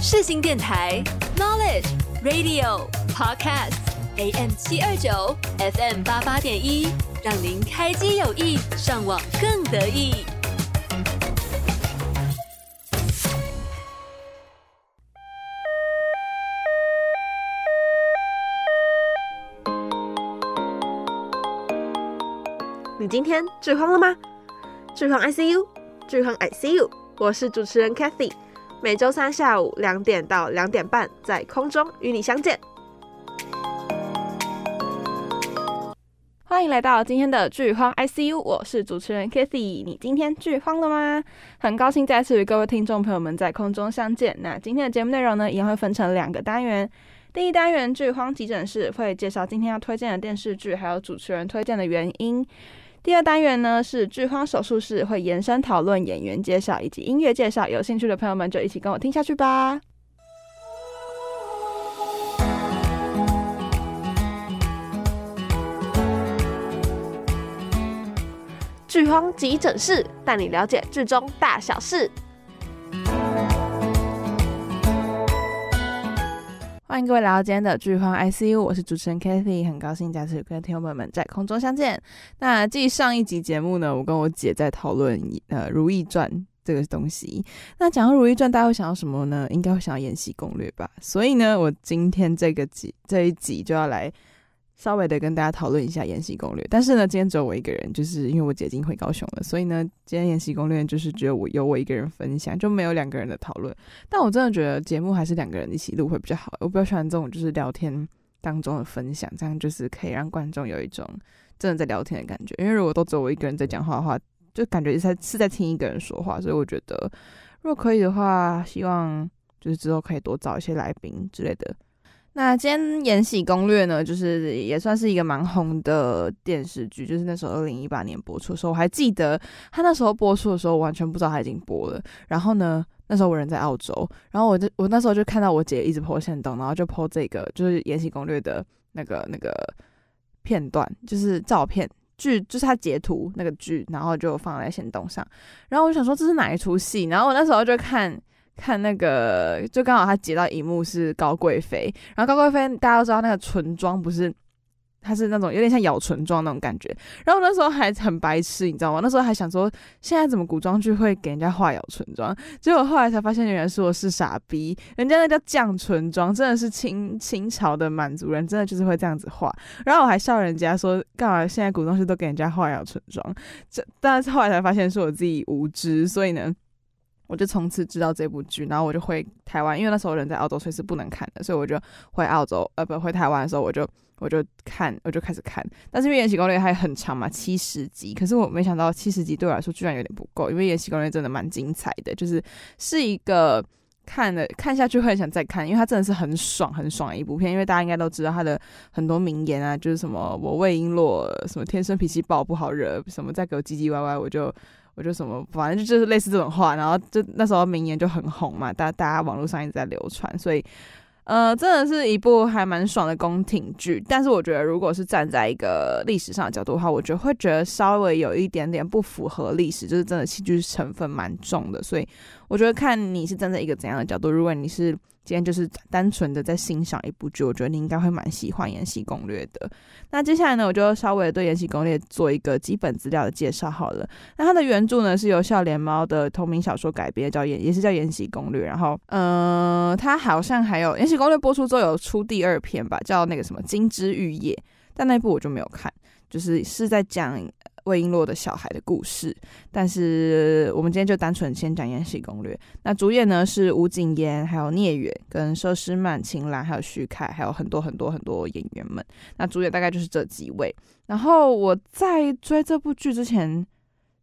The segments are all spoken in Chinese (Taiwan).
世新電臺 Knowledge Radio Podcast AM 七二九 FM 八八點一，讓您開機有意，上網更得意。你今天最狂了嗎？最狂 ICU，最狂 ICU，最狂 ICU。我是主持人 Kathy。每週三下午兩點到兩點半，在空中與你相見。歡迎來到今天的劇荒 ICU，我是主持人 Kathy。你今天劇荒了嗎？很高興再次與各位聽眾朋友們在空中相見。那今天的節目內容呢，一樣會分成兩個單元。第一單元劇荒急診室會介紹今天要推薦的電視劇，還有主持人推薦的原因。第二單元呢是劇荒手術室，會延伸討論演員介紹以及音樂介紹。有興趣的朋友們就一起跟我聽下去吧！劇荒急診室帶你了解劇中大小事。歡迎各位來到今天的《劇荒 ICU》，我是主持人 Kathy，很高興再次跟聽眾朋友們在空中相見。那繼上一集節目呢，我跟我姐在討論呃《如懿傳》這個東西。那講到《如懿傳》，大家會想到什麼呢？應該會想到《延禧攻略》吧。所以呢，我今天這個集這一集就要來。稍微的跟大家討論一下延禧攻略，但是呢，今天只有我一個人，就是因為我姐已經回高雄了，所以呢，今天延禧攻略就是只有我有我一個人分享，就沒有兩個人的討論。但我真的覺得節目還是兩個人一起錄會比較好，我比較喜歡這種就是聊天當中的分享，這樣就是可以讓觀眾有一種真的在聊天的感覺。因為如果都只有我一個人在講話的話，就感覺是在，是在聽一個人說話，所以我覺得如果可以的話，希望就是之後可以多找一些來賓之類的。那今天《延禧攻略》呢，就是也算是一個蠻紅的電視劇，就是那時候二零一八年播出的時候，我還記得他那時候播出的時候，我完全不知道他已經播了。然後呢，那時候我人在澳洲，然後我就我那時候就看到我姐一直 PO 限動，然後就 PO 這個就是《延禧攻略》的那個那個片段，就是照片劇，就是他截圖那個劇，然後就放在限動上。然後我想說這是哪一出戲？然後我那時候就看。看那個，就剛好他截到一幕是高貴妃，然後高貴妃大家都知道那個唇妝不是，它是那種有點像咬唇妝那種感覺，然後那時候還很白痴，你知道嗎？那時候還想說現在怎麼古裝劇會給人家畫咬唇妝，結果後來才發現原來是我是傻逼，人家那叫絳唇妝，真的是清清朝的滿族人真的就是會這樣子畫，然後我還笑人家說幹嘛現在古裝劇都給人家畫咬唇妝，這但是後來才發現是我自己無知，所以呢。我就從此知道這部劇，然後我就回台灣，因為那時候人在澳洲，所以是不能看的，所以我就回澳洲，呃，不回台灣的時候，我就我就看，我就開始看。但是因為《延禧攻略》還很長嘛，七十集，可是我沒想到七十集對我來說居然有點不夠，因為《延禧攻略》真的蠻精彩的，就是是一個看了看下去很會想再看，因為它真的是很爽很爽的一部片。因為大家應該都知道它的很多名言啊，就是什麼“我魏瓔珞什麼天生脾氣暴，不好惹”，什麼再給我唧唧歪歪，我就。我就什麼，反正就是類似這種話，然後就那時候名言就很紅嘛，大家大家網絡上一直在流傳，所以，呃，真的是一部還蠻爽的宮廷劇，但是我覺得如果是站在一個歷史上的角度的話，我覺得會覺得稍微有一點點不符合歷史，就是真的戲劇成分蠻重的，所以。我覺得看你是站在一個怎樣的角度。如果你是今天就是單純的在欣賞一部劇，我覺得你應該會蠻喜歡《延禧攻略》的。那接下來呢，我就稍微對《延禧攻略》做一個基本資料的介紹好了。那它的原著呢，是由笑臉貓的同名小說改編，叫延也是叫《延禧攻略》。然後，嗯、呃，它好像還有《延禧攻略》播出之後有出第二篇吧，叫那個什麼《金枝玉葉》，但那部我就沒有看，就是是在講。魏瓔珞的小孩的故事，但是我們今天就單純先講《延禧攻略》。那主演呢是吳謹言，還有聶遠，跟佘詩曼、秦嵐，還有許凱，還有很多很多很多演員們。那主演大概就是這幾位。然後我在追這部劇之前，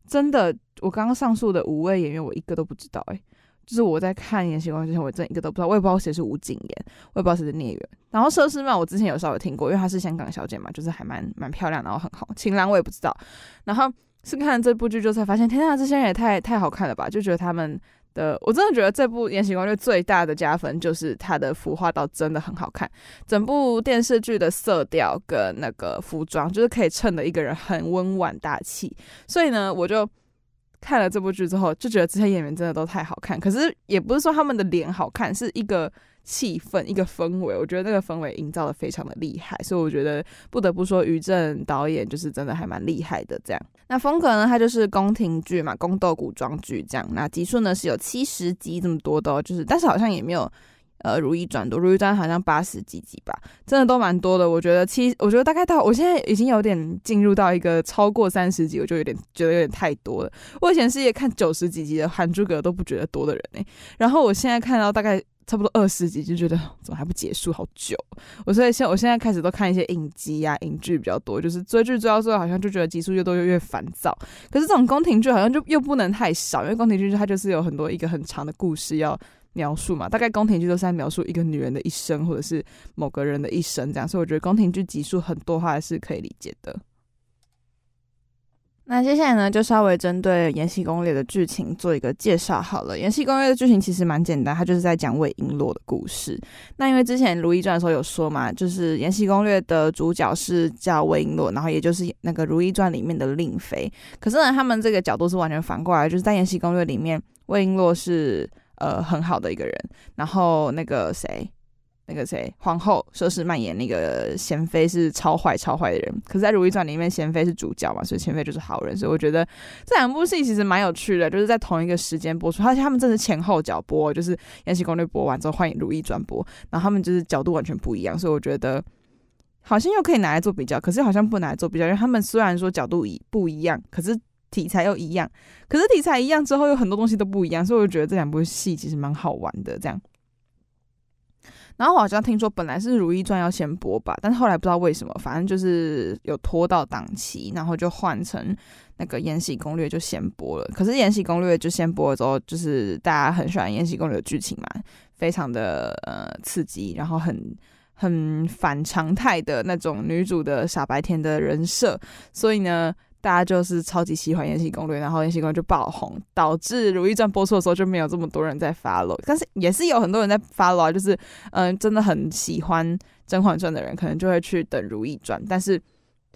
真的，我剛剛上述的五位演員，我一個都不知道哎、欸。就是我在看《延禧攻略》之前，我真的一個都不知道，我也不知道誰是吳謹言，我也不知道誰是聶遠。然後佘詩曼，我之前有稍微聽過，因為她是香港小姐嘛，就是還蠻蠻漂亮，然後很好。秦嵐我也不知道。然後是看這部劇，就才發現，天哪，這些人也太太好看了吧？就覺得他們的，我真的覺得這部《延禧攻略》最大的加分就是它的服化道真的很好看，整部電視劇的色調跟那個服裝，就是可以襯得一個人很溫婉大氣。所以呢，我就。看了這部劇之後，就覺得這些演員真的都太好看。可是也不是說他們的臉好看，是一個氣氛，一個氛圍。我覺得那個氛圍營造得非常的厲害，所以我覺得不得不說於正導演就是真的還蠻厲害的。這樣，那風格呢，它就是宮廷劇嘛，宮鬥古裝劇這樣。那集數呢是有七十集這麼多的，哦，就是但是好像也沒有。呃，如懿傳多，如懿傳好像八十幾集吧，真的都蠻多的。我覺得七，我覺得大概到我現在已經有點進入到一個超過三十集，我就有點覺得有點太多了。我以前是也看九十幾集的《還珠格格》都不覺得多的人哎、欸，然後我現在看到大概差不多二十集就覺得怎麼還不結束，好久。我所以現我現在開始都看一些影集呀、影劇比較多，就是追劇追到最後好像就覺得集數越多就越煩躁。可是這種宮廷劇好像就又不能太少，因為宮廷劇它就是有很多一個很長的故事要描述嘛，大概宮廷劇都是在描述一個女人的一生，或者是某個人的一生，這樣，所以我覺得宮廷劇集數很多話還是可以理解的。那接下來呢，就稍微針對《延禧攻略》的劇情做一個介紹好了。《延禧攻略》的劇情其實蠻簡單，它就是在講魏瓔珞的故事。那因為之前《如懿傳》的時候有說嘛，就是《延禧攻略》的主角是叫魏瓔珞，然後也就是那個《如懿傳》裡面的令妃。可是呢，他們這個角度是完全反過來，就是在《延禧攻略》裡面，魏瓔珞是。呃，很好的一個人。然後那個誰，那個誰，皇后佘詩曼演，那個賢妃是超壞、超壞的人。可是在《如懿傳》裡面，賢妃是主角嘛，所以賢妃就是好人。所以我覺得這兩部戲其實蠻有趣的，就是在同一個時間播出，而且他們真的前後腳播，就是《延禧攻略》播完之後換《歡迎如懿傳》播，然後他們就是角度完全不一樣，所以我覺得好像又可以拿來做比較，可是好像不拿來做比較，因為他們雖然說角度一不一樣，可是題材又一樣，可是題材一樣之後有很多東西都不一樣，所以我覺得這兩部戲其實蠻好玩的。這樣，然後好像聽說本來是《如懿傳》要先播吧，但是後來不知道為什麼，反正就是有拖到檔期，然後就換成那個《延禧攻略》就先播了。可是《延禧攻略》就先播了之後，就是大家很喜歡《延禧攻略》的劇情嘛，非常的呃刺激，然後很很反常態的那種女主的傻白甜的人設，所以呢，大家就是超級喜歡《延禧攻略》，然後《延禧攻略》就爆紅，導致《如懿傳》播出的時候就沒有這麼多人在 follow。但是也是有很多人在 follow 啊，就是嗯，真的很喜歡《甄嬛傳》的人，可能就會去等《如懿傳》。但是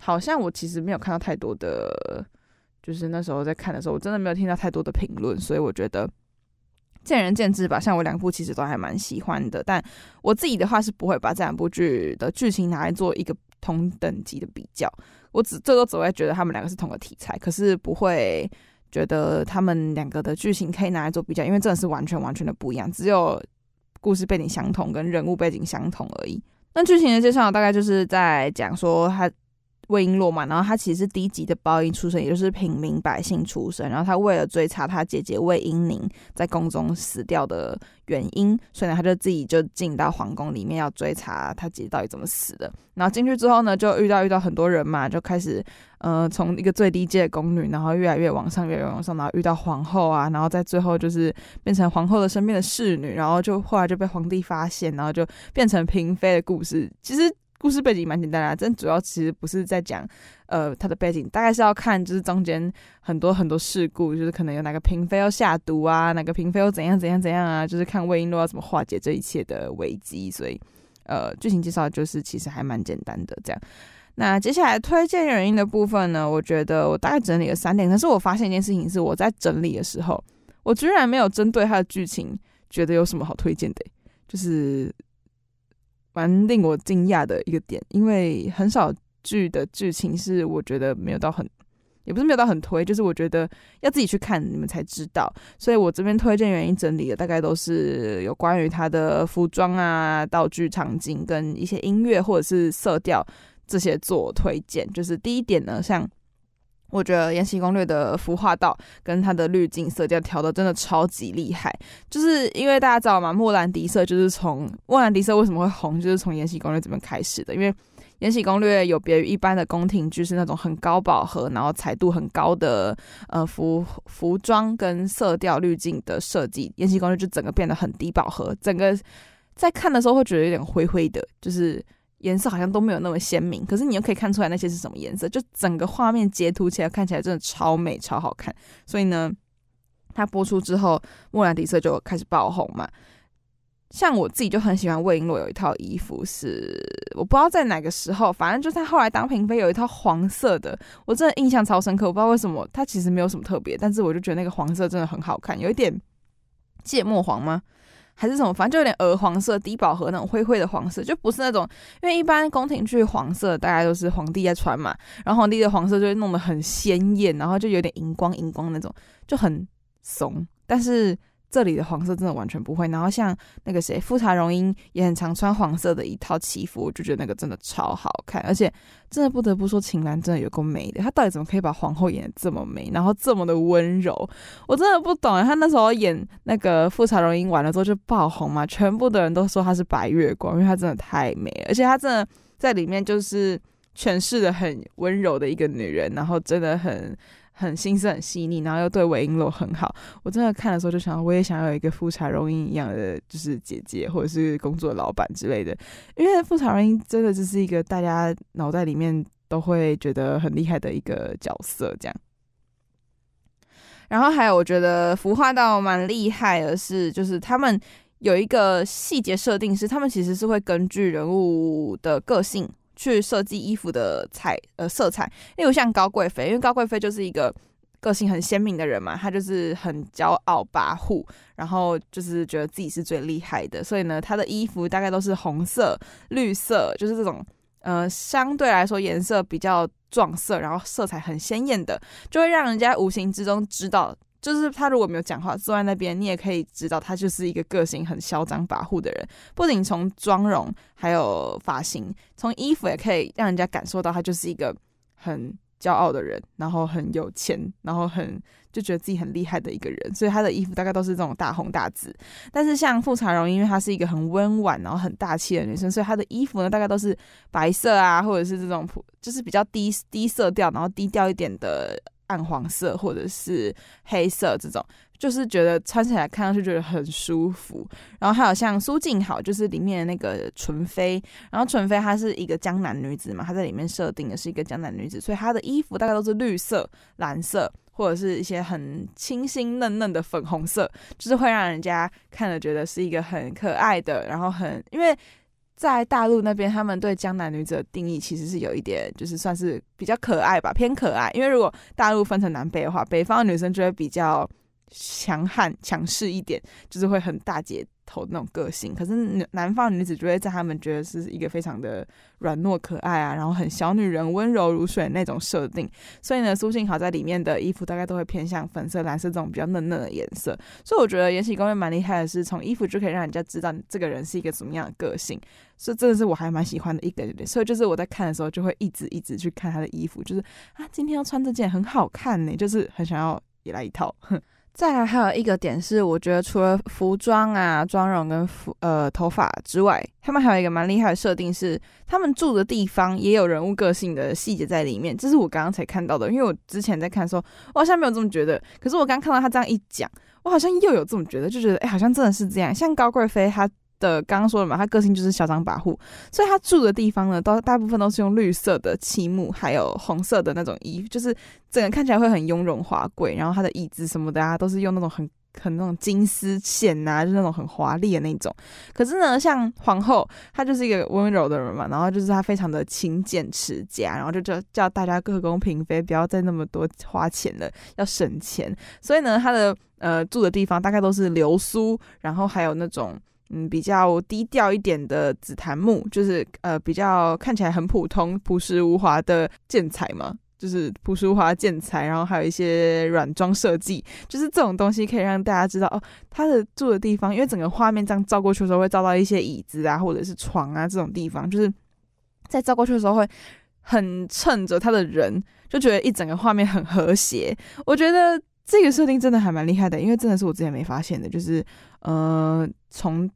好像我其實沒有看到太多的，就是那時候在看的時候，我真的沒有聽到太多的評論，所以我覺得見仁見智吧。像我兩部其實都還蠻喜歡的，但我自己的話是不會把這兩部劇的劇情拿來做一個。同等級的比較，我只這個只會覺得他們兩個是同個題材，可是不會覺得他們兩個的劇情可以拿來做比較，因為真的是完全完全的不一樣，只有故事背景相同跟人物背景相同而已。那劇情的介紹大概就是在講說他。魏瓔珞嘛，然後她其實是低級的包衣出身，也就是平民百姓出身。然後她為了追查她姐姐魏瓔寧在宮中死掉的原因，所以呢，她就自己就進到皇宮裡面要追查她姐姐到底怎麼死的。然後進去之後呢，就遇到遇到很多人嘛，就開始呃，從一個最低階的宮女，然後越來越往上，越來越往上，然後遇到皇後啊，然後在最後就是變成皇後的身邊的侍女，然後就後來就被皇帝發現，然後就變成嬪妃的故事。其實。故事背景蠻簡單的啊，但主要其實不是在講，呃，他的背景大概是要看就是中間很多很多事故，就是可能有哪個嬪妃要下毒啊，哪個嬪妃又怎樣怎樣怎樣啊，就是看魏瓔珞要怎麼化解這一切的危機。所以，呃，劇情介紹就是其實還蠻簡單的這樣。那接下來推薦原因的部分呢，我覺得我大概整理了三點，可是我發現一件事情是我在整理的時候，我居然沒有針對它的劇情覺得有什麼好推薦的欸，就是。蠻令我驚訝的一個點，因為很少劇的劇情是我覺得沒有到很，也不是沒有到很推，就是我覺得要自己去看你們才知道。所以我這邊推薦原因整理的大概都是有關於他的服裝啊、道具、場景跟一些音樂或者是色調這些做推薦。就是第一點呢，像。我覺得《延禧攻略》的服化道跟它的濾鏡色調調的真的超級厲害，就是因為大家知道嘛，莫蘭迪色就是從莫蘭迪色為什麼會紅，就是從《延禧攻略》這邊開始的。因為《延禧攻略》有別於一般的宮廷劇，是那種很高飽和，然後彩度很高的呃服服裝跟色調濾鏡的設計，《延禧攻略》就整個變得很低飽和，整個在看的時候會覺得有點灰灰的，就是。顏色好像都沒有那麼鮮明，可是你又可以看出來那些是什麼顏色，就整個畫面截圖起來看起來真的超美超好看。所以呢，它播出之後，莫蘭迪色就開始爆紅嘛。像我自己就很喜歡魏瓔珞有一套衣服是我不知道在哪個時候，反正就是她後來當嬪妃有一套黃色的，我真的印象超深刻。我不知道為什麼它其實沒有什麼特別，但是我就覺得那個黃色真的很好看，有一點芥末黃嗎？還是什麼，反正就有點鵝黃色，低飽和那種灰灰的黃色，就不是那種，因為一般宮廷劇黃色大概都是皇帝在穿嘛，然後皇帝的黃色就會弄得很鮮豔，然後就有點熒光熒光那種，就很慫，但是。這裡的黃色真的完全不會，然後像那個誰，富察容音也很常穿黃色的一套旗服，我就覺得那個真的超好看，而且真的不得不說，秦嵐真的有夠美的，她到底怎麼可以把皇后演得這麼美，然後這麼的溫柔，我真的不懂，她那時候演那個富察容音完了之後就爆紅嘛，全部的人都說她是白月光，因為她真的太美了，而且她真的在裡面就是詮釋的很溫柔的一個女人，然後真的很。很心思很細膩，然後又對魏瓔珞很好。我真的看的時候就想，我也想要有一個富察容音一樣的，就是姐姐或者是工作老板之類的。因為富察容音真的就是一個大家腦袋裡面都會覺得很厲害的一個角色，這樣。然後還有，我覺得服化道蠻厲害的是，就是他們有一個細節設定是，他們其實是會根據人物的個性。去設計衣服的彩呃、色彩，例如像高貴妃，因為高貴妃就是一個個性很鮮明的人嘛，她就是很驕傲跋扈，然後就是覺得自己是最厲害的，所以呢，她的衣服大概都是紅色、綠色，就是這種呃、相對來說顏色比較撞色，然後色彩很鮮豔的，就會讓人家無形之中知道。就是他如果沒有講話，坐在那邊，你也可以知道他就是一個個性很囂張跋扈的人。不僅從妝容，還有髮型，從衣服也可以讓人家感受到他就是一個很驕傲的人，然後很有錢，然後很就覺得自己很厲害的一個人。所以他的衣服大概都是這種大紅大紫。但是像富察容，因為她是一個很溫婉，然後很大氣的女生，所以她的衣服呢，大概都是白色啊，或者是這種普，就是比較低低色調，然後低調一點的。暗黃色或者是黑色這種，就是覺得穿起來看上去覺得很舒服。然後還有像蘇靜好，就是裡面的那個純妃，然後純妃她是一個江南女子嘛，她在裡面設定的是一個江南女子，所以她的衣服大概都是綠色、藍色或者是一些很清新嫩嫩的粉紅色，就是會讓人家看了覺得是一個很可愛的，然後很因為。在大陸那邊，他們對江南女子的定義其實是有一點，就是算是比較可愛吧，偏可愛。因為如果大陸分成南北的話，北方的女生就會比較。強悍強勢一點，就是會很大姐頭那種個性。可是南方女子就會在他們覺得是一個非常的軟糯可愛啊，然後很小女人溫柔如水的那種設定。所以呢，蘇靜好在裡面的衣服大概都會偏向粉色、藍色這種比較嫩嫩的顏色。所以我覺得延禧攻略蠻厲害的是，從衣服就可以讓人家知道這個人是一個什麼樣的個性。所以這個是我還蠻喜歡的一個點。所以就是我在看的時候就會一直一直去看她的衣服，就是啊，今天要穿這件很好看呢，就是很想要也來一套。再來還有一個點是，我覺得除了服裝啊、妝容跟服呃頭髮之外，他們還有一個蠻厲害的設定是，是他們住的地方也有人物個性的細節在裡面。這是我剛剛才看到的，因為我之前在看的時候，我好像沒有這麼覺得。可是我剛看到他這樣一講，我好像又有這麼覺得，就覺得哎、欸，好像真的是這樣。像高貴妃她。的剛剛說的嘛，他個性就是囂張跋扈，所以他住的地方呢，都大部分都是用綠色的漆木，還有紅色的那種衣服，就是整個看起來會很雍容華貴。然後他的椅子什麼的啊，都是用那種很很那種金絲線吶啊，就那種很華麗的那種。可是呢，像皇後，她就是一個溫柔的人嘛，然後就是她非常的勤儉持家，然後就叫叫大家各宮嬪妃不要再那麼多花錢了，要省錢。所以呢，他的呃住的地方大概都是流蘇，然後還有那種。嗯，比較低調一點的紫檀木，就是呃，比較看起來很普通，樸實無華的建材嘛，就是樸實無華建材，然後還有一些軟裝設計，就是這種東西可以讓大家知道哦，他的住的地方，因為整個畫面這樣照過去的時候，會照到一些椅子啊，或者是床啊這種地方，就是在照過去的時候會很襯着他的人，就覺得一整個畫面很和諧。我覺得這個設定真的還蠻厲害的，因為真的是我之前沒發現的，就是呃，從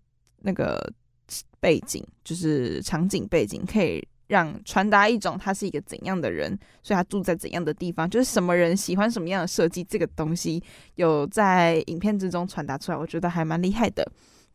那個背景就是場景背景，可以讓傳達一種他是一個怎樣的人，所以他住在怎樣的地方，就是什麼人喜歡什麼樣的設計，這個東西有在影片之中傳達出來，我覺得還蠻厲害的。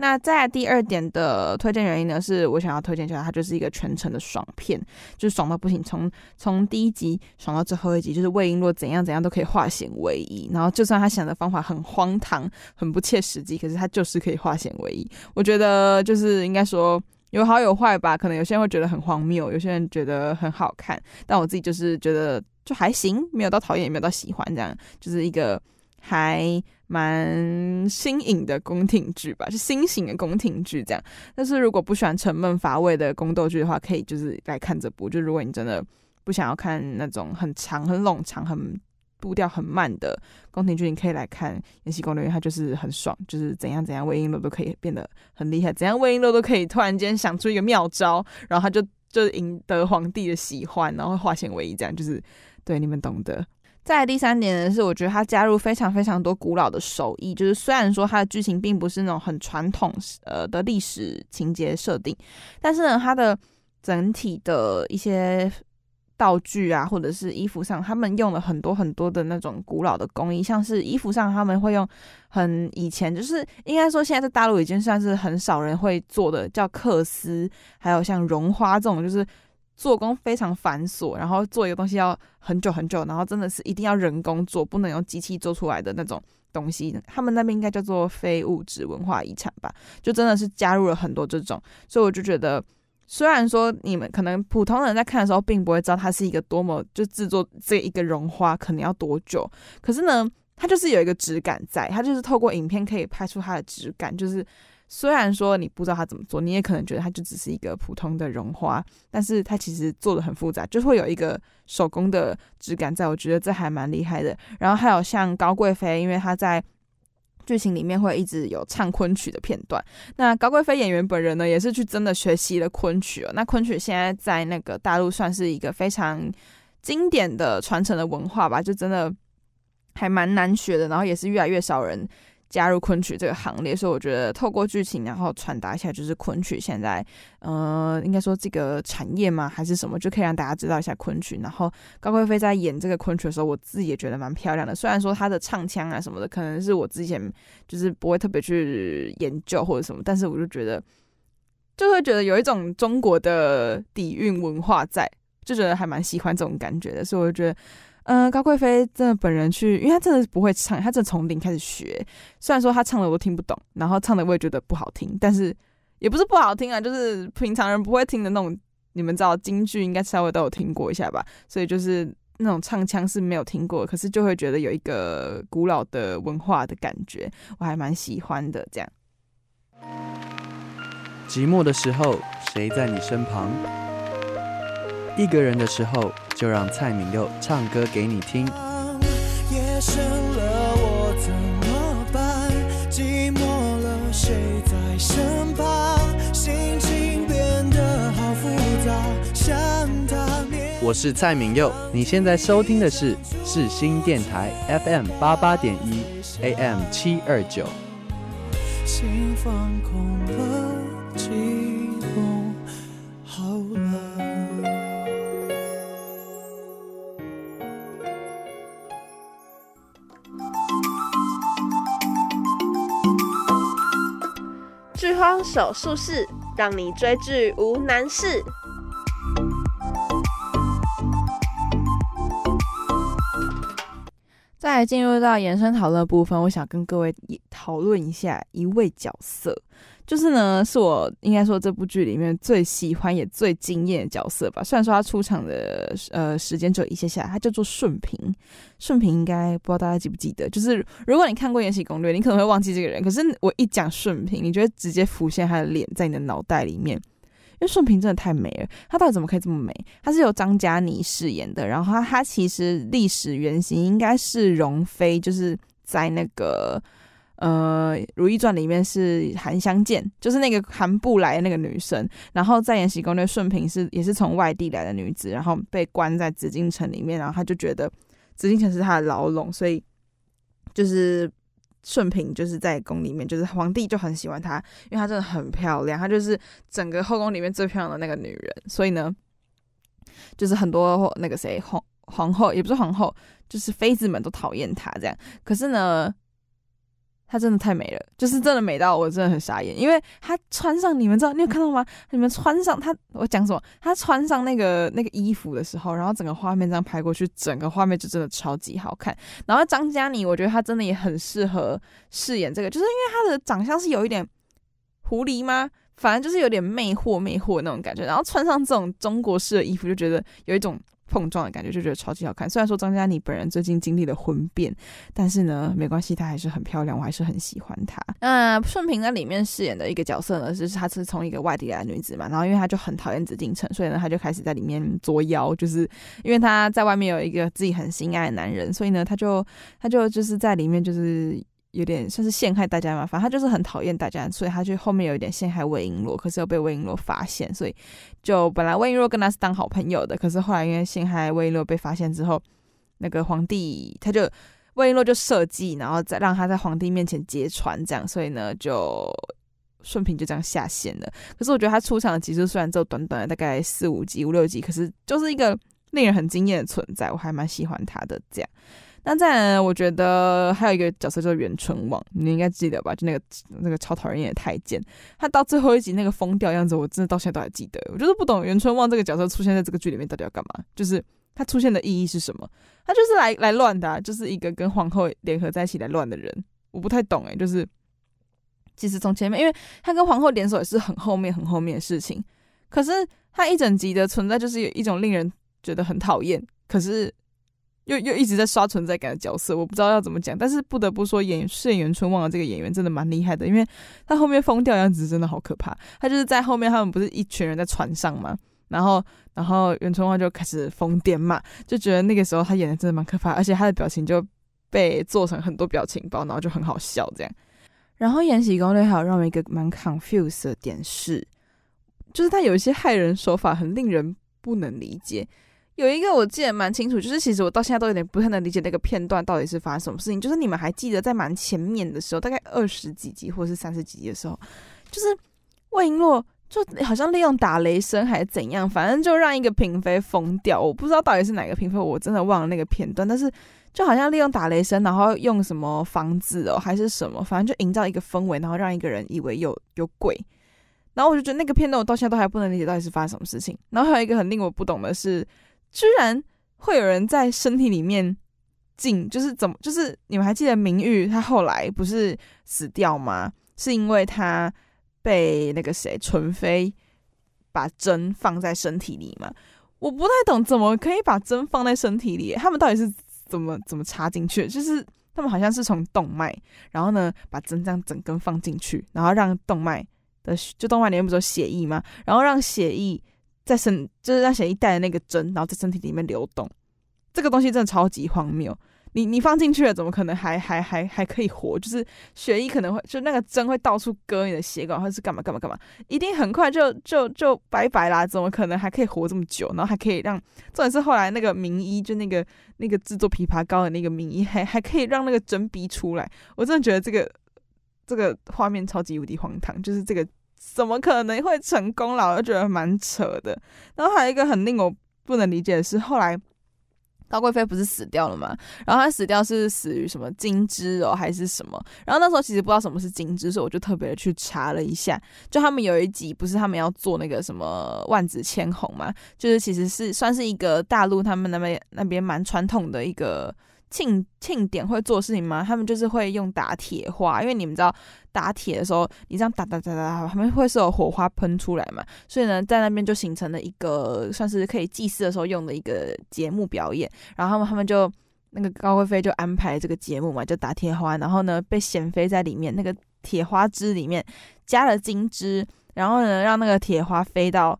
那再來第二點的推薦原因呢，是我想要推薦一下，它就是一個全程的爽片，就是爽到不行，從從第一集爽到最後一集，就是魏瓔珞怎樣怎樣都可以化險為夷，然後就算她想的方法很荒唐、很不切實際，可是她就是可以化險為夷。我覺得就是應該說有好有壞吧，可能有些人會覺得很荒謬，有些人覺得很好看，但我自己就是覺得就還行，沒有到討厭，也沒有到喜歡，這樣就是一個。還蠻新穎的宮廷劇吧，是新型的宮廷劇這樣。但是如果不喜歡沉悶乏味的宮鬥劇的話，可以就是來看這部。就如果你真的不想要看那種很長、很冗長、很步調很慢的宮廷劇，你可以來看演《延禧攻略》，它就是很爽，就是怎樣怎樣，魏瓔珞都可以變得很厲害，怎樣魏瓔珞都可以突然間想出一個妙招，然後他就就贏得皇帝的喜歡，然後化險為夷，這樣就是對，你們懂得。再第三點呢，是我覺得它加入非常非常多古老的手藝，就是雖然說它的劇情並不是那種很傳統呃的歷史情節設定，但是呢，它的整體的一些道具啊，或者是衣服上，他們用了很多很多的那種古老的工藝，像是衣服上他們會用很以前，就是應該說現在在大陸已經算是很少人會做的，叫緙絲，還有像絨花這種，就是。做工非常繁瑣，然後做一個東西要很久很久，然後真的是一定要人工做，不能用機器做出來的那種東西。他們那邊應該叫做非物質文化遺產吧？就真的是加入了很多這種，所以我就覺得，雖然說你們可能普通人在看的時候，並不會知道它是一個多麼，就製作這一個絨花可能要多久，可是呢，它就是有一個質感在，它就是透過影片可以拍出它的質感，就是。雖然說你不知道他怎麼做，你也可能覺得他就只是一個普通的絨花，但是他其實做的很複雜，就會有一個手工的質感在。我覺得這還蠻厲害的。然後還有像高貴妃，因為他在劇情裡面會一直有唱昆曲的片段。那高貴妃演員本人呢，也是去真的學習了昆曲哦。那昆曲現在在那個大陸算是一個非常經典的傳承的文化吧，就真的還蠻難學的，然後也是越來越少人。加入昆曲這個行列，所以我覺得透過劇情，然後傳達一下，就是昆曲現在，呃，應該說這個產業嘛，還是什麼，就可以讓大家知道一下昆曲。然後高貴妃在演這個昆曲的時候，我自己也覺得蠻漂亮的。雖然說她的唱腔啊什麼的，可能是我之前就是不會特別去研究或者什麼，但是我就覺得，就會覺得有一種中國的底蘊文化在，就覺得還蠻喜歡這種感覺的。所以我覺得。嗯、呃，高貴妃真的本人去，因為她真的是不會唱，她真的從零開始學。雖然說她唱的我都聽不懂，然後唱的我也覺得不好聽，但是也不是不好聽啊，就是平常人不會聽的那種。你們知道京劇應該稍微都有聽過一下吧，所以就是那種唱腔是沒有聽過，可是就會覺得有一個古老的文化的感覺，我還蠻喜歡的這樣。寂寞的時候，誰在你身旁？一個人的時候，就讓蔡旻佑唱歌給你聽。夜深了我是蔡旻佑，你現在收聽的是市星電台 FM 八八點一 AM 七二九。 放恐 手術室讓你追劇無難事。在進入到延伸討論的部分，我想跟各位討論一下一位角色。就是呢，是我應該說這部劇裡面最喜歡也最驚豔的角色吧。雖然說他出場的呃時間就有一些下，他叫做順平，順平應該不知道大家記不記得。就是如果你看過《延禧攻略》，你可能會忘記這個人。可是我一講順平，你就會直接浮現他的臉在你的腦袋裡面，因為順平真的太美了。他到底怎麼可以這麼美？他是由張嘉倪飾演的。然後他他其實歷史原型應該是容妃，就是在那個。呃，《如懿傳》裡面是寒香見，就是那個韓部來的那個女生。然後在延禧攻略的順嬪是也是從外地來的女子，然後被關在紫禁城裡面，然後她就覺得紫禁城是她的牢籠，所以就是順嬪就是在宮裡面，就是皇帝就很喜歡她，因為她真的很漂亮，她就是整個後宮裡面最漂亮的那個女人，所以呢，就是很多那個誰皇皇後也不是皇後，就是妃子們都討厭她這樣。可是呢。她真的太美了，就是真的美到我真的很傻眼，因為她穿上，你們知道你有看到嗎？你們穿上她，我講什麼？她穿上那個那個衣服的時候，然後整個畫面這樣拍過去，整個畫面就真的超級好看。然後張嘉倪，我覺得她真的也很適合飾演這個，就是因為她的長相是有一點狐狸嗎？反正就是有點魅惑魅惑那種感覺，然後穿上這種中國式的衣服，就覺得有一種。碰撞的感覺就覺得超級好看。雖然說張嘉倪本人最近經歷了婚變，但是呢，沒關係，她還是很漂亮，我還是很喜歡她。那、呃、順平在裡面飾演的一個角色呢，就是她是從一個外地來的女子嘛，然後因為她就很討厭紫禁城，所以呢，她就開始在裡面作妖，就是因為她在外面有一個自己很心愛的男人，所以呢，她就她就就是在裡面就是。有點像是陷害大家嘛，反正他就是很討厭大家，所以他就後面有一點陷害魏瓔珞，可是又被魏瓔珞發現，所以就本來魏瓔珞跟他是當好朋友的，可是後來因為陷害魏瓔珞被發現之後，那個皇帝他就魏瓔珞就設計，然後再讓他在皇帝面前揭穿這樣，所以呢就順嬪就這樣下線了。可是我覺得他出場的集數雖然只有短短的大概四五集五六集，可是就是一個令人很驚艷的存在，我還蠻喜歡他的這樣。那再，我覺得還有一個角色叫袁春望，你應該記得吧？就那個那個超討人厭的太監，他到最後一集那個瘋掉樣子，我真的到現在都還記得。我就是不懂袁春望這個角色出現在這個劇裡面到底要幹嘛，就是他出現的意義是什麼？他就是來來亂的、啊，就是一個跟皇后聯合在一起來亂的人，我不太懂哎、欸。就是其實從前面，因為他跟皇后聯手也是很後面很後面的事情，可是他一整集的存在就是有一種令人覺得很討厭，可是。又又一直在刷存在感的角色，我不知道要怎麼講，但是不得不說，演，演飾演袁春望的這個演員真的蠻厲害的，因為他後面瘋掉樣子真的好可怕。他就是在後面，他們不是一群人在船上嘛，然後然後袁春望就開始瘋癲嘛，就覺得那個時候他演的真的蠻可怕，而且他的表情就被做成很多表情包，然後就很好笑這樣。然後《延禧攻略》還有讓我一個蠻 confuse 的點是，就是他有一些害人手法，很令人不能理解。有一個我記得蠻清楚，就是其實我到現在都有點不太能理解那個片段到底是發生什麼事情。就是你們還記得在蠻前面的時候，大概二十幾集或是三十幾集的時候，就是魏瓔珞就好像利用打雷聲還是怎樣，反正就讓一個嬪妃瘋掉。我不知道到底是哪個嬪妃，我真的忘了那個片段。但是就好像利用打雷聲，然後用什麼房子哦還是什麼，反正就營造一個氛圍，然後讓一個人以為有有鬼。然後我就覺得那個片段我到現在都還不能理解到底是發生什麼事情。然後還有一個很令我不懂的是。居然會有人在身體裡面進，就是怎麼？就是你們還記得明玉她後來不是死掉嗎？是因為她被那個誰純妃把針放在身體裡嗎？我不太懂怎麼可以把針放在身體裡。他們到底是怎麼怎麼插進去？就是他們好像是從動脈，然後呢，把針這樣整根放進去，然後讓動脈的血，就動脈裡面不是有血液嗎？然後讓血液。在身就是讓血液帶的那個針，然後在身體裡面流動，這個東西真的超級荒謬。你你放進去了，怎麼可能還還還還可以活？就是血液可能會就那個針會到處割你的血管，或者是幹嘛幹嘛幹嘛，一定很快就就就拜拜啦！怎麼可能還可以活這麼久？然後還可以讓，重點是後來那個名醫就那個那個製作枇杷膏的那個名醫還還可以讓那個針逼出來，我真的覺得這個這個畫面超級無敵荒唐，就是這個。怎麼可能會成功了？我覺得蠻扯的。然後還有一個很令我不能理解的是，後來高貴妃不是死掉了嘛？然後她死掉是死於什麼金枝哦，還是什麼？然後那時候其實不知道什麼是金枝，所以我就特別去查了一下。就他們有一集不是他們要做那個什麼萬紫千紅嘛，就是其實是算是一個大陸他們那邊那邊蠻傳統的一個。慶慶典會做事情嗎？他們就是會用打鐵花，因為你們知道打鐵的時候，你這樣打打打打，他們會是有火花噴出來嘛？所以呢，在那邊就形成了一個算是可以祭祀的時候用的一個節目表演。然後他們他們就那個高貴妃就安排這個節目嘛，就打鐵花。然後呢，被嫻妃在裡面那個鐵花汁裡面加了金汁，然後呢，讓那個鐵花飛到。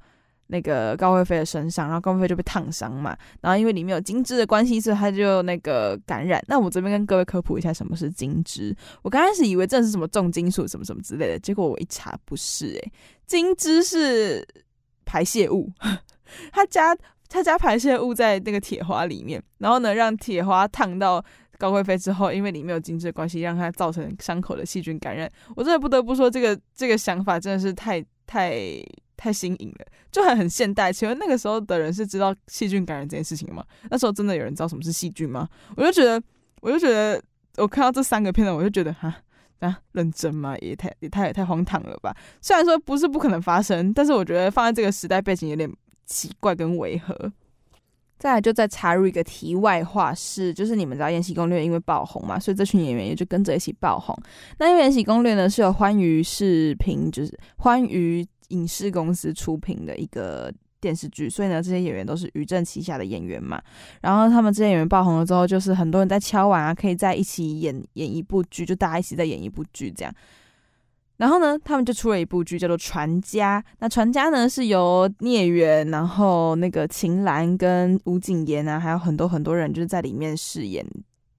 那個高貴妃的身上，然後高貴妃就被燙傷嘛，然後因為裡面有金汁的關係，所以她就那個感染。那我這邊跟各位科普一下什麼是金汁。我剛開始以為這是什麼重金屬什麼什麼之類的，結果我一查不是，欸，哎，金汁是排泄物， 他加他加排泄物在那個鐵花裡面，然後呢，讓鐵花燙到高貴妃之後，因為裡面有金汁的關係，讓它造成傷口的細菌感染。我真的不得不說，這個這個想法真的是太太。太新穎了，就還很現代。請問那個時候的人是知道細菌感染這件事情嗎？那時候真的有人知道什麼是細菌嗎？我就覺得，我就覺得，我看到這三個片段，我就覺得，哈啊，認真嗎？也太也太也太，也太荒唐了吧！雖然說不是不可能發生，但是我覺得放在這個時代背景有點奇怪跟違和。再來就再插入一個題外話是，是就是你們知道《延禧攻略》因為爆紅嘛，所以這群演員也就跟着一起爆紅。那因為《延禧攻略》呢是有歡娛視頻，就是歡娛。影視公司出品的一個電視劇，所以呢，這些演員都是於正旗下的演員嘛。然後他們這些演員爆紅了之後，就是很多人在敲碗啊，可以在一起演演一部劇，就大家一起在演一部劇這樣。然後呢，他們就出了一部劇叫做《傳家》，那《傳家》呢是由聶遠、然後那個秦嵐跟吳謹言啊，還有很多很多人就是在裡面飾演。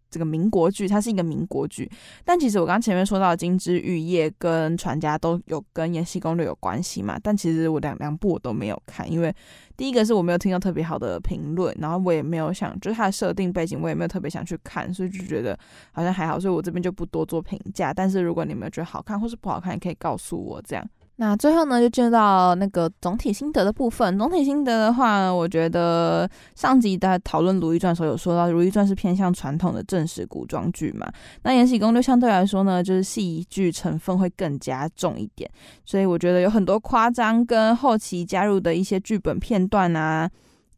這個民國劇，它是一個民國劇，但其實我剛前面說到《金枝玉葉》跟《傳家》都有跟《延禧攻略》有關係嘛，但其實我兩兩部我都沒有看，因為第一個是我沒有聽到特別好的評論，然後我也沒有想，就是它的設定背景我也沒有特別想去看，所以就覺得好像還好，所以我這邊就不多做評價。但是如果你們覺得好看或是不好看，也可以告訴我這樣。那最後呢，就進入到那個總體心得的部分。總體心得的話，我覺得上集在討論《如懿傳》的時候有說到，《如懿傳》是偏向傳統的正史古裝劇嘛。那《延禧攻略》相對來說呢，就是戲劇成分會更加重一點，所以我覺得有很多誇張跟後期加入的一些劇本片段啊。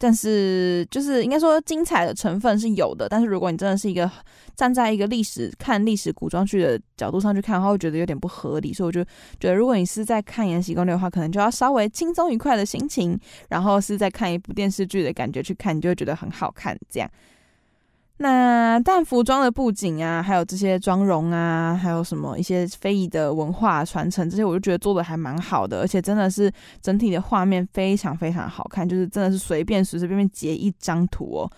但是，就是應該說精彩的成分是有的。但是，如果你真的是一個站在一個歷史看歷史古裝劇的角度上去看的話，我會覺得有點不合理。所以，我就覺得，如果你是在看《延禧攻略》的話，可能就要稍微輕鬆愉快的心情，然後是在看一部電視劇的感覺去看，你就會覺得很好看。這樣，那。但服裝的布景啊，還有這些妝容啊，還有什麼一些非遺的文化傳承，這些我就覺得做的還蠻好的，而且真的是整體的畫面非常非常好看，就是真的是隨便隨隨便便截一張圖哦，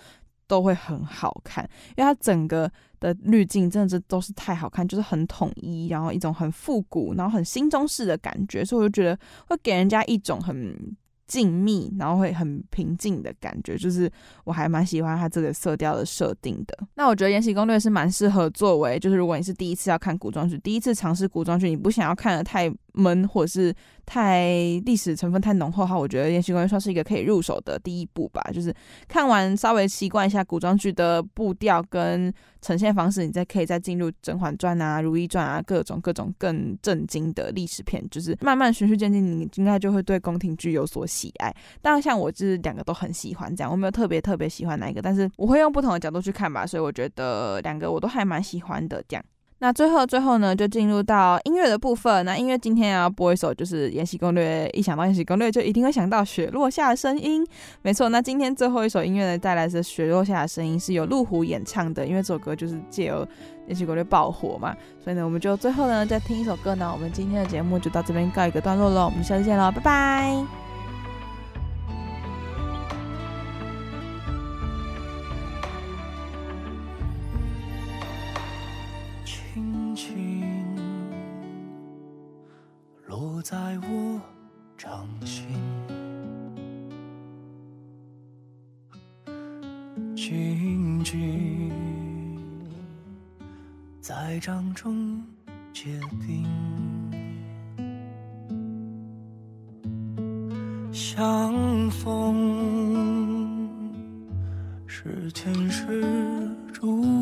都會很好看，因為它整個的濾鏡真的是都是太好看，就是很統一，然後一種很復古，然後很新中式的感覺，所以我就覺得會給人家一種很。靜謐，然後會很平靜的感覺，就是我還蠻喜歡它這個色調的設定的。那我覺得《延禧攻略》是蠻適合作為，就是如果你是第一次要看古裝劇，第一次嘗試古裝劇，你不想要看的太。門或者是太歷史成分太濃厚哈，我覺得《延禧攻略》算是一個可以入手的第一部吧。就是看完稍微習慣一下古裝劇的步調跟呈現方式，你再可以再進入《甄嬛傳》啊、《如懿傳》啊，各種各種更正經的歷史片。就是慢慢循序漸進，你應該就會對宮廷劇有所喜愛。當然，像我就是兩個都很喜歡這樣，我沒有特別特別喜歡哪一個，但是我會用不同的角度去看吧。所以我覺得兩個我都還蠻喜歡的這樣。那最後最後呢，就進入到音樂的部分。那音樂今天要播一首，就是《延禧攻略》，一想到《延禧攻略》，就一定會想到雪落下的聲音，沒錯。那今天最後一首音樂呢，帶來的是《雪落下的聲音》，是由陸虎演唱的。因為這首歌就是借由《延禧攻略》爆火嘛，所以呢，我們就最後呢再聽一首歌呢。我們今天的節目就到這邊告一個段落嘍，我們下次見嘍，拜拜。在我掌心，靜靜，在掌中結冰，相逢是前世注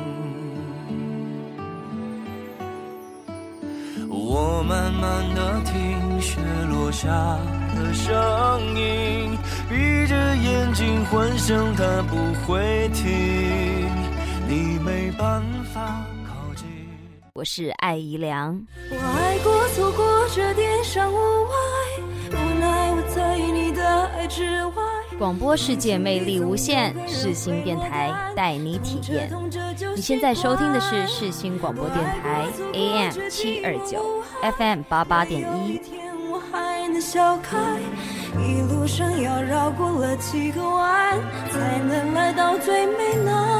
慢慢的聽雪落下的聲音，閉着眼睛幻想它不會停，你沒辦法靠近。我是艾怡良，我愛過錯過，這點傷無礙無奈，我在你的愛之外廣播世界魅力無限，世新電台帶你體驗，你現在收聽的是世新廣播電台 AM 七二九 FM 八八點一一路上要繞過了幾個彎才能來到最美那